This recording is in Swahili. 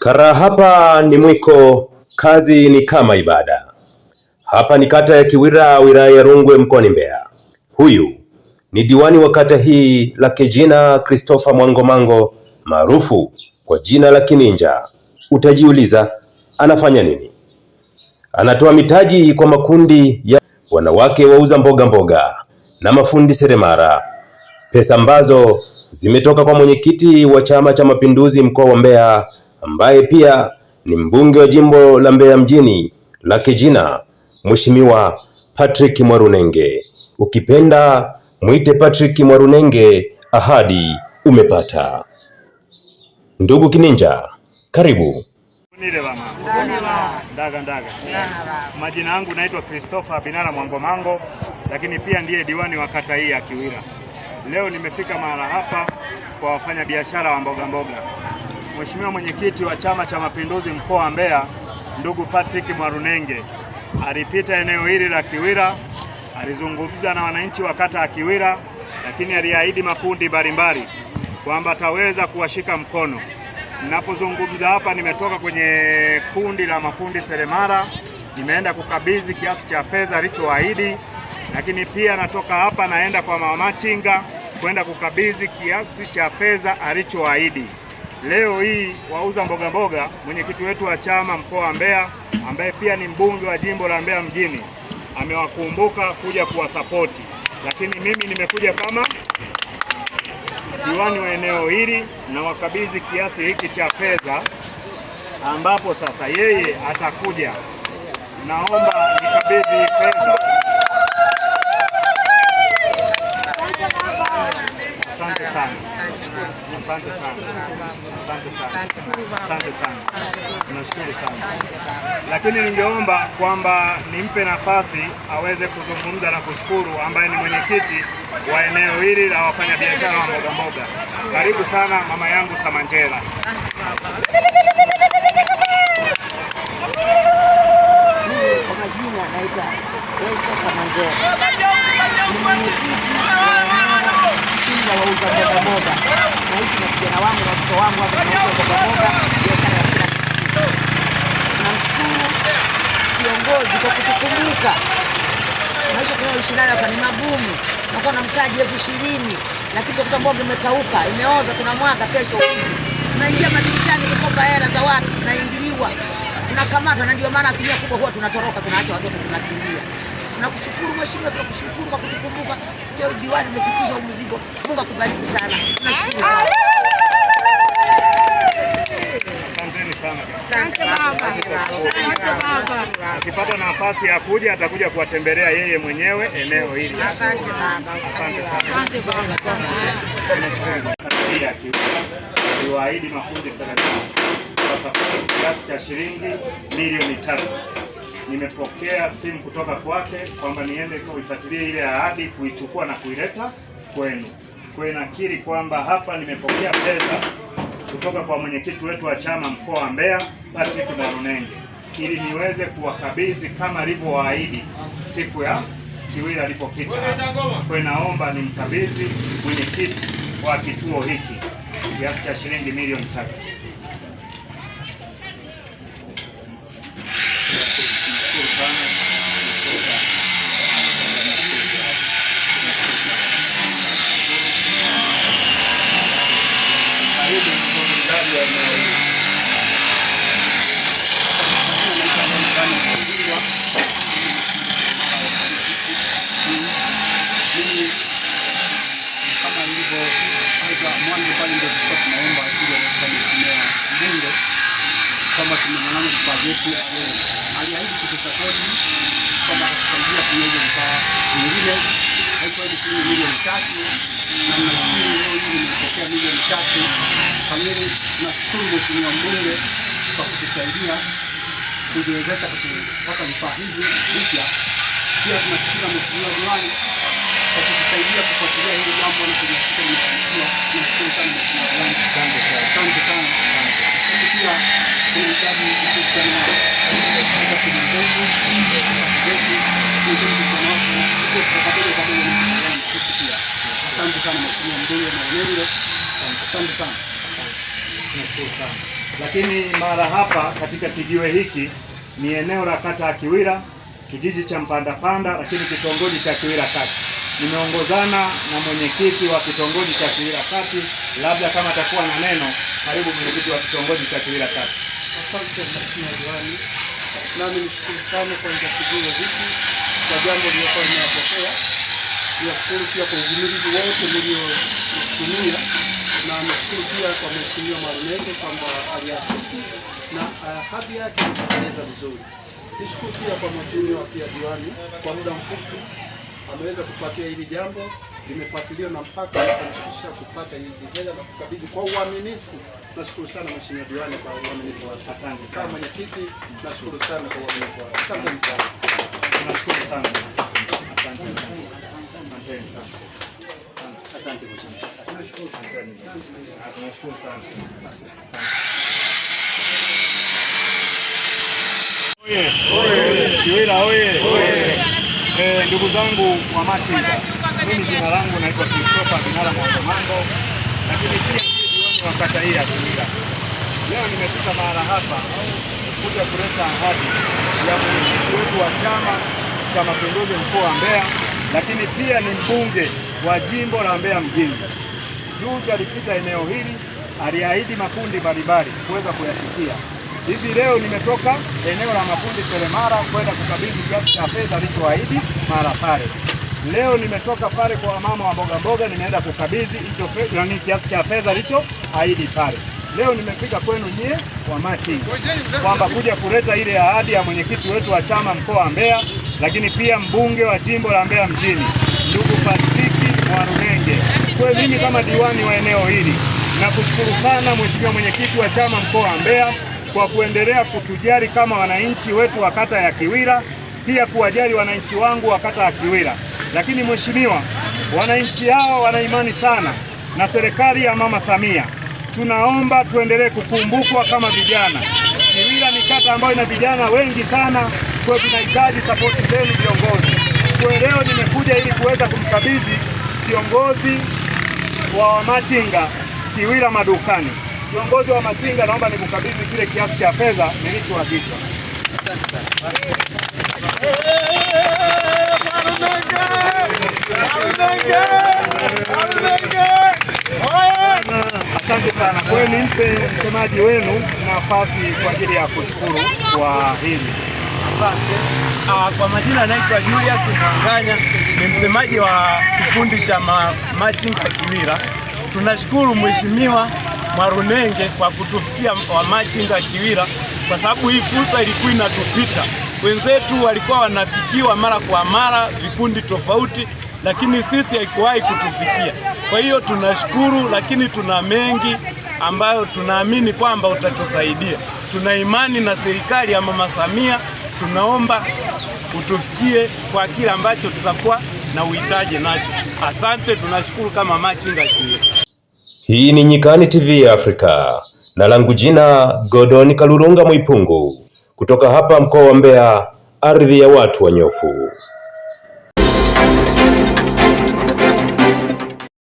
Kara hapa ni mwiko, kazi ni kama ibada. Hapa ni kata ya Kiwira, wilaya ya Rungwe, mkoani Mbeya. Huyu ni diwani wa kata hii lake jina Christopher Mwangomango maarufu kwa jina la Kininja. Utajiuliza anafanya nini? Anatoa mitaji kwa makundi ya wanawake wauza mboga mboga na mafundi seremara, pesa ambazo zimetoka kwa mwenyekiti wa Chama cha Mapinduzi mkoa wa Mbeya ambaye pia ni mbunge wa jimbo la Mbeya mjini la kijina Mheshimiwa Patrick mwarunenge Ukipenda mwite Patrick mwarunenge ahadi umepata. Ndugu Kininja, karibu. Ndaga ndaga. Majina yangu naitwa Christopher Binara Mwangomango, lakini pia ndiye diwani wa kata hii ya Kiwira. Leo nimefika mahala hapa kwa wafanyabiashara wa mbogamboga Mheshimiwa mwenyekiti wa Chama cha Mapinduzi mkoa wa Mbeya ndugu Patrick Mwarunenge alipita eneo hili la Kiwira, alizungumza na wananchi wa kata ya Kiwira, lakini aliahidi makundi mbalimbali kwamba ataweza kuwashika mkono. Ninapozungumza hapa, nimetoka kwenye kundi la mafundi seremala, nimeenda kukabidhi kiasi cha fedha alichoahidi, lakini pia natoka hapa naenda kwa mama kwenda kukabidhi kiasi cha fedha alichoahidi. Leo hii wauza mboga mboga, mwenyekiti wetu wa chama mkoa wa Mbeya ambaye pia ni mbunge wa jimbo la Mbeya mjini amewakumbuka kuja kuwasapoti, lakini mimi nimekuja kama diwani wa eneo hili na wakabidhi kiasi hiki cha fedha, ambapo sasa yeye atakuja. Naomba nikabidhi fedha Asante sana. Asante sana. Asante sana. Nashukuru sana. Lakini ningeomba kwamba nimpe nafasi aweze kuzungumza na kushukuru, ambaye ni mwenyekiti wa eneo hili la wafanyabiashara wa mboga mboga. Karibu sana mama yangu Samanjela. Kwa majina naitwa Esther Samanjela. Mwenyekiti wa mboga mboga wangu wa biashara ya Tunamshukuru kiongozi kwa kutukumbuka. Maisha tunayoishi nayo hapa ni magumu, nakuwa na mtaji elfu ishirini lakini utakuta mboga imekauka, imeoza, tuna mwaga kesho hivi tunaingia madirishani kukopa hela za watu, tunaingiliwa, tunakamatwa, na ndio maana asilimia kubwa huwa tunatoroka, tunaacha watoto, tunakimbia. Tunakushukuru mheshimiwa, tunakushukuru kwa kutukumbuka. diwani umefikisha mzigo. Mungu akubariki sana. Tunashukuru. atapata nafasi ya kuja, atakuja kuwatembelea yeye mwenyewe eneo hili. Asante baba, asante sana. Aliwaahidi mafundi serikali kwa kiasi cha shilingi milioni tatu. Nimepokea simu kutoka kwake kwamba niende kuifuatilia ile ahadi, kuichukua na kuileta kwenu. Kwa nakiri kwamba hapa nimepokea pesa kutoka kwa mwenyekiti wetu wa chama mkoa wa Mbeya, Patrick Barunenge ili niweze kuwakabidhi kama alivyowaahidi siku ya Kiwira alipopita. Kwa naomba nimkabidhi mwenyekiti wa kituo hiki kiasi cha shilingi milioni tatu. kuhusu bajeti aliahidi kutusapoti kwamba atatusaidia kunyoja mkaa mwingine haikuwa ni shilingi milioni tatu na nafikiri leo hii nimepokea milioni tatu kamili. Nashukuru Mheshimiwa mbunge kwa kutusaidia kujiwezesha kupata vifaa hivi mpya. Pia tunashukuru Mheshimiwa diwani kwa kutusaidia kufuatilia hili jambo na kujihakikisha linafanikiwa. Nashukuru sana Mheshimiwa diwani, asante sana pia Asante sana Mheshimiwa mbunge asante sana, sana. Lakini mara hapa katika kijiwe hiki ni eneo la kata ya Kiwira kijiji cha Mpandapanda, lakini kitongoji cha Kiwira kati nimeongozana na mwenyekiti wa kitongoji cha Kiwira Kati. Labda kama atakuwa na neno, karibu mwenyekiti wa kitongoji cha Kiwira Kati. Asante mheshimiwa diwani, nami nishukuru sana kwanza kijio hiki kwa jambo lililokuwa linatokea. Nashukuru pia kwa uvumilivu wote mliotumia, na nishukuru pia kwa mheshimiwa Marunenge kwamba aliafiki na ahadi eh, yake kutekeleza vizuri. Nishukuru pia kwa mheshimiwa pia diwani kwa muda mfupi ameweza kufuatia hili jambo, limefuatiliwa na mpaka amefanikisha kupata hizi hela na kukabidhi kwa uaminifu. Nashukuru sana mheshimiwa diwani kwa uaminifu wake. Asante sana mwenyekiti, nashukuru sana kwa uaminifu wake. Asante sana, nashukuru sana, asante sana, asante sana, nashukuru sana, asante. Oye, oye, Kiwira oye, oye. Eh, ndugu zangu wa Machinga, mimi jina langu naitwa Christopher Binala Mwandomango, lakini pia diwani wa kata hii ya Igunga. Leo nimefika mahala hapa kuja kuleta ahadi ya mwenyekiti wetu wa Chama cha Mapinduzi mkoa wa Mbeya, lakini pia ni mbunge wa jimbo la Mbeya mjini. Juzi alipita eneo hili, aliahidi makundi mbalimbali kuweza kuyafikia Hivi leo nimetoka eneo la mafundi seremala kwenda kukabidhi kiasi cha fedha alichoahidi mara pale. Leo nimetoka pale kwa wamama wa mboga mboga, nimeenda kukabidhi hicho fedha, ni kiasi cha fedha alichoahidi pale. Leo nimefika kwenu nyie kwa machinga, kwamba kuja kuleta ile ahadi ya mwenyekiti wetu wa chama mkoa wa Mbeya, lakini pia mbunge wa jimbo la Mbeya mjini ndugu Patriki Mwarunenge. Kwa mimi kama diwani wa eneo hili nakushukuru sana mheshimiwa mwenyekiti wa chama mkoa wa Mbeya kwa kuendelea kutujali kama wananchi wetu wa kata ya Kiwira, pia kuwajali wananchi wangu wa kata ya Kiwira. Lakini mheshimiwa, wananchi hao wana imani sana na serikali ya Mama Samia. Tunaomba tuendelee kukumbukwa kama vijana. Kiwira ni kata ambayo ina vijana wengi sana, kwa tunahitaji sapoti zenu viongozi. Kwa leo nimekuja ili kuweza kumkabidhi kiongozi wa wamachinga Kiwira madukani. Kiongozi wa machinga, naomba nikukabidhi kile kiasi cha fedha nilichoagiza. Asante sana. Kwa hiyo nimpe msemaji wenu nafasi kwa ajili ya kushukuru kwa hili. Uh, Kwa majina anaitwa Julius Mwanganya ni msemaji wa kikundi cha machinga Kimira. Tunashukuru mheshimiwa mwarunenge kwa kutufikia Wamachinga Kiwira, kwa sababu hii fursa ilikuwa inatupita. Wenzetu walikuwa wanafikiwa mara kwa mara, vikundi tofauti, lakini sisi haikuwahi kutufikia. Kwa hiyo tunashukuru, lakini tuna mengi ambayo tunaamini kwamba utatusaidia. Tuna imani na serikali ya Mama Samia, tunaomba utufikie kwa kile ambacho tutakuwa na uhitaji nacho. Asante, tunashukuru kama Machinga Kiwira. Hii ni Nyikani TV ya Afrika na langu jina Godoni kalurunga Mwipungu kutoka hapa mkoa wa Mbeya, ardhi ya watu wanyofu.